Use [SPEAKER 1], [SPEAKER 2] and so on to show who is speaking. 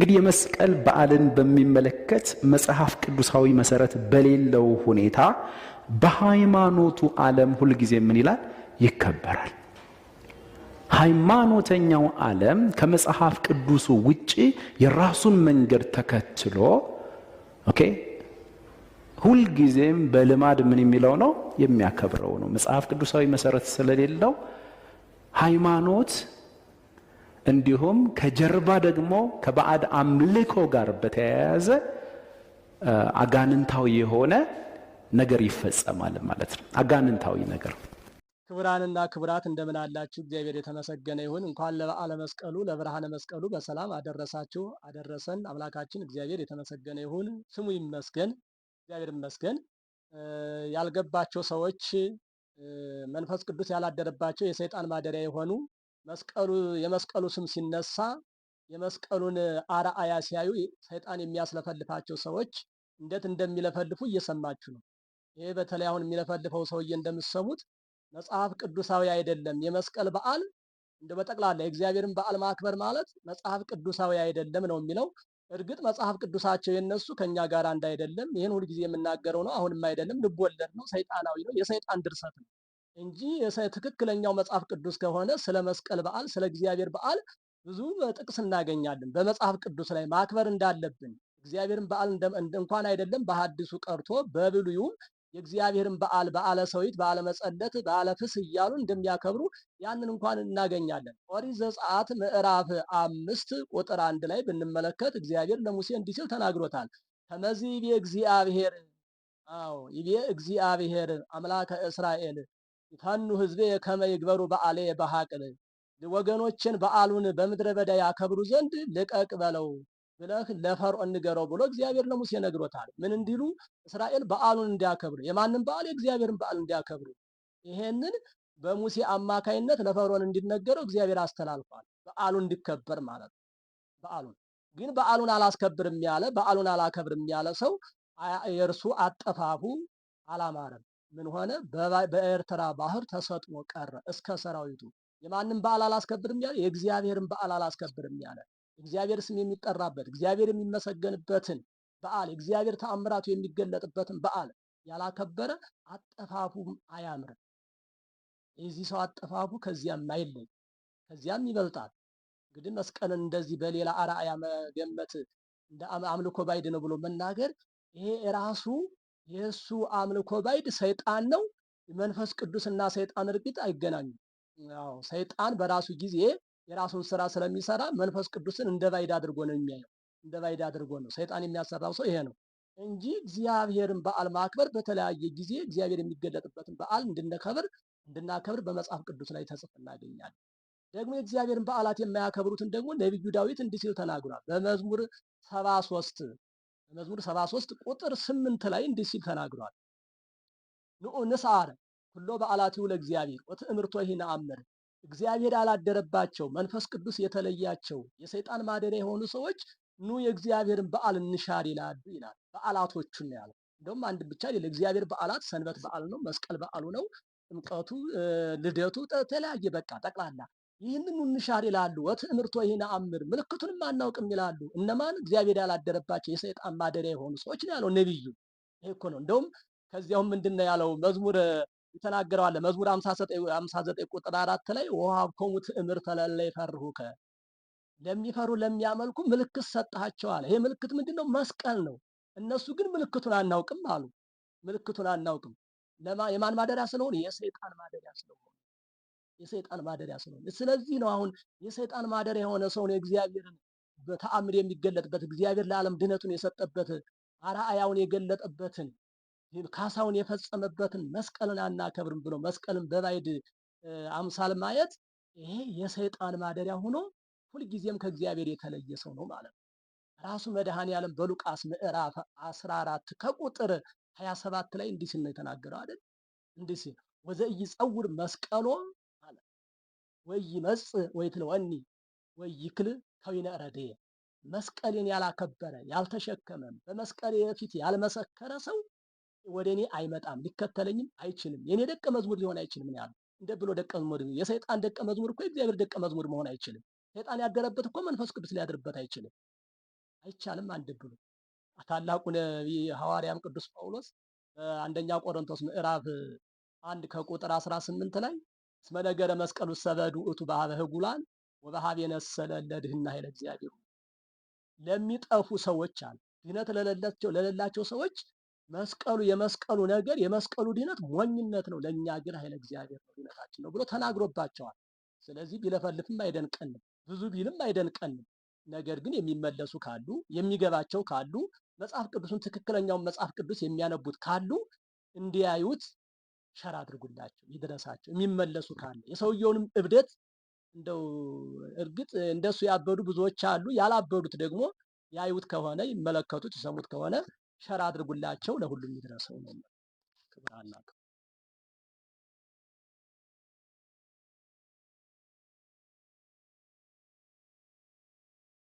[SPEAKER 1] እንግዲህ የመስቀል በዓልን በሚመለከት መጽሐፍ ቅዱሳዊ መሰረት በሌለው ሁኔታ በሃይማኖቱ ዓለም ሁልጊዜ ምን ይላል? ይከበራል። ሃይማኖተኛው ዓለም ከመጽሐፍ ቅዱሱ ውጪ የራሱን መንገድ ተከትሎ ኦኬ ሁልጊዜም በልማድ ምን የሚለው ነው የሚያከብረው ነው። መጽሐፍ ቅዱሳዊ መሰረት ስለሌለው ሃይማኖት እንዲሁም ከጀርባ ደግሞ ከባዕድ አምልኮ ጋር በተያያዘ አጋንንታዊ የሆነ ነገር ይፈጸማል ማለት ነው። አጋንንታዊ ነገር።
[SPEAKER 2] ክቡራንና ክቡራት እንደምን አላችሁ? እግዚአብሔር የተመሰገነ ይሁን። እንኳን ለበዓለ መስቀሉ ለብርሃነ መስቀሉ በሰላም አደረሳችሁ አደረሰን። አምላካችን እግዚአብሔር የተመሰገነ ይሁን፣ ስሙ ይመስገን፣ እግዚአብሔር ይመስገን። ያልገባቸው ሰዎች መንፈስ ቅዱስ ያላደረባቸው የሰይጣን ማደሪያ የሆኑ መስቀሉ የመስቀሉ ስም ሲነሳ የመስቀሉን አርአያ ሲያዩ ሰይጣን የሚያስለፈልፋቸው ሰዎች እንዴት እንደሚለፈልፉ እየሰማችሁ ነው። ይሄ በተለይ አሁን የሚለፈልፈው ሰውዬ እንደምትሰሙት መጽሐፍ ቅዱሳዊ አይደለም። የመስቀል በዓል እንደ በጠቅላላ የእግዚአብሔርን በዓል ማክበር ማለት መጽሐፍ ቅዱሳዊ አይደለም ነው የሚለው። እርግጥ መጽሐፍ ቅዱሳቸው የነሱ ከኛ ጋር እንዳይደለም ይህን ሁልጊዜ የምናገረው ነው። አሁንም አይደለም፣ ልብ ወለድ ነው፣ ሰይጣናዊ ነው፣ የሰይጣን ድርሰት ነው። እንጂ ትክክለኛው መጽሐፍ ቅዱስ ከሆነ ስለ መስቀል በዓል ስለ እግዚአብሔር በዓል ብዙ ጥቅስ እናገኛለን። በመጽሐፍ ቅዱስ ላይ ማክበር እንዳለብን እግዚአብሔርን በዓል እንኳን አይደለም በሐዲሱ ቀርቶ በብሉዩም የእግዚአብሔርን በዓል በዓለ ሰዊት፣ በዓለ መጸለት፣ በዓለ ፍስ እያሉ እንደሚያከብሩ ያንን እንኳን እናገኛለን። ኦሪት ዘጸአት ምዕራፍ አምስት ቁጥር አንድ ላይ ብንመለከት እግዚአብሔር ለሙሴ እንዲህ ሲል ተናግሮታል። ከመዚህ ይቤ እግዚአብሔር አዎ ይቤ እግዚአብሔር አምላከ እስራኤል ከኑ ህዝቤ ከመ ይግበሩ በዓልየ በሐቅል ወገኖችን በዓሉን በምድረ በዳ ያከብሩ ዘንድ ልቀቅ በለው ብለህ ለፈርዖን ንገረው ብሎ እግዚአብሔር ለሙሴ ነግሮታል። ምን እንዲሉ እስራኤል በዓሉን እንዲያከብሩ፣ የማንም በዓል የእግዚአብሔርን በዓል እንዲያከብሩ። ይሄንን በሙሴ አማካይነት ለፈርዖን እንዲነገረው እግዚአብሔር አስተላልፏል። በዓሉን እንዲከበር ማለት ነው። በዓሉን ግን በዓሉን አላስከብርም ያለ በዓሉን አላከብርም ያለ ሰው የእርሱ አጠፋፉ አላማረም። ምን ሆነ? በኤርትራ ባህር ተሰጥሞ ቀረ እስከ ሰራዊቱ። የማንም በዓል አላስከብርም ያለ የእግዚአብሔርን በዓል አላስከብርም ያለ እግዚአብሔር ስም የሚጠራበት እግዚአብሔር የሚመሰገንበትን በዓል እግዚአብሔር ተአምራቱ የሚገለጥበትን በዓል ያላከበረ አጠፋፉም አያምርም። የዚህ ሰው አጠፋፉ ከዚያም አይለይ ከዚያም ይበልጣል። እንግዲህ መስቀልን እንደዚህ በሌላ አርአያ መገመት እንደ አምልኮ ባይድ ነው ብሎ መናገር ይሄ ራሱ የእሱ አምልኮ ባይድ ሰይጣን ነው። መንፈስ ቅዱስና ሰይጣን እርግጥ አይገናኙም። ያው ሰይጣን በራሱ ጊዜ የራሱን ስራ ስለሚሰራ መንፈስ ቅዱስን እንደ ባይድ አድርጎ ነው የሚያየው። እንደ ባይድ አድርጎ ነው ሰይጣን የሚያሰራው ሰው ይሄ ነው እንጂ እግዚአብሔርን በዓል ማክበር በተለያየ ጊዜ እግዚአብሔር የሚገለጥበትን በዓል እንድንከብር እንድናከብር በመጽሐፍ ቅዱስ ላይ ተጽፎ እናገኛለን። ደግሞ የእግዚአብሔርን በዓላት የማያከብሩትን ደግሞ ነቢዩ ዳዊት እንዲህ ሲል ተናግሯል በመዝሙር ሰባ ሶስት መዝሙር 73 ቁጥር 8 ላይ እንዲህ ሲል ተናግሯል። ንዑ ንስዓር ሁሎ በዓላቲው ለእግዚአብሔር ወትእምርቶ ይነአምር። እግዚአብሔር አላደረባቸው መንፈስ ቅዱስ የተለያቸው የሰይጣን ማደሪያ የሆኑ ሰዎች ኑ የእግዚአብሔርን በዓል እንሻር ይላሉ ይላል። በዓላቶቹን ነው ያለው። እንደውም አንድ ብቻ አይደል። እግዚአብሔር በዓላት ሰንበት በዓሉ ነው፣ መስቀል በዓሉ ነው፣ ጥምቀቱ፣ ልደቱ፣ ተለያየ በቃ ጠቅላላ ይህንን እንሻር ይላሉ። ወትዕምርቶ ይህን አምር ምልክቱንም አናውቅም ይላሉ። እነማን እግዚአብሔር ያላደረባቸው የሰይጣን ማደሪያ የሆኑ ሰዎች ነው ያለው ነቢዩ። ይሄ እኮ ነው። እንደውም ከዚያውም ምንድን ነው ያለው መዝሙር ይተናገረዋለ መዝሙር ሃምሳ ዘጠኝ ቁጥር አራት ላይ ወሀብኮሙ ትዕምርተ ለእለ ይፈርሁከ ለሚፈሩ ለሚያመልኩ ምልክት ሰጥሃቸዋል። ይሄ ምልክት ምንድን ነው? መስቀል ነው። እነሱ ግን ምልክቱን አናውቅም አሉ። ምልክቱን አናውቅም የማን ማደሪያ ስለሆኑ? የሰይጣን ማደሪያ ስለሆኑ የሰይጣን ማደሪያ ስለሆነ፣ ስለዚህ ነው አሁን የሰይጣን ማደሪያ የሆነ ሰው ነው እግዚአብሔርን በተአምር የሚገለጥበት እግዚአብሔር ለዓለም ድነቱን የሰጠበት አርአያውን የገለጠበትን ካሳውን የፈጸመበትን መስቀልን አናከብርም ብሎ መስቀልን በባይድ አምሳል ማየት ይሄ የሰይጣን ማደሪያ ሆኖ ሁልጊዜም ከእግዚአብሔር የተለየ ሰው ነው ማለት ነው። ራሱ መድኃኔ ዓለም በሉቃስ ምዕራፍ 14 ከቁጥር 27 ላይ እንዲህ ሲል ነው የተናገረው አይደል? እንዲህ ሲል ወዘ ኢይጸውር መስቀሎም ወይ መጽ ወይ ትለወኒ ወይ ይክል ከዊነ ረድየ መስቀሌን ያላከበረ ያልተሸከመ በመስቀሌ የፊት ያልመሰከረ ሰው ወደ እኔ አይመጣም፣ ሊከተለኝም አይችልም፣ የእኔ ደቀ መዝሙር ሊሆን አይችልም ያሉ እንደ ብሎ ደቀ መዝሙር የሰይጣን ደቀ መዝሙር እኮ የእግዚአብሔር ደቀ መዝሙር መሆን አይችልም። ሰይጣን ያደረበት እኮ መንፈስ ቅዱስ ሊያድርበት አይችልም፣ አይቻልም። አንድ ብሎ ታላቁ ሐዋርያም ቅዱስ ጳውሎስ በአንደኛ ቆሮንቶስ ምዕራፍ አንድ ከቁጥር አስራ ስምንት ላይ እስመ ነገረ መስቀሉ ሰበዱ እቱ በኀበ ኅጉላን ወበኀበ የነሰለ ለድህና ኃይለ እግዚአብሔር ለሚጠፉ ሰዎች አለ ድህነት ለሌላቸው ሰዎች መስቀሉ የመስቀሉ ነገር የመስቀሉ ድህነት ሞኝነት ነው፣ ለእኛ ግን ኃይለ እግዚአብሔር ነው ድህነታችን ነው ብሎ ተናግሮባቸዋል። ስለዚህ ቢለፈልፍም አይደንቀንም፣ ብዙ ቢልም አይደንቀንም። ነገር ግን የሚመለሱ ካሉ የሚገባቸው ካሉ መጽሐፍ ቅዱስን ትክክለኛውን መጽሐፍ ቅዱስ የሚያነቡት ካሉ እንዲያዩት ሸር አድርጉላቸው፣ ይድረሳቸው። የሚመለሱ ካለ የሰውየውንም እብደት እንደው እርግጥ እንደሱ ያበዱ ብዙዎች አሉ። ያላበዱት ደግሞ ያዩት ከሆነ ይመለከቱት፣ ይሰሙት ከሆነ ሸር አድርጉላቸው፣ ለሁሉም ይድረሰው ነው። ክብር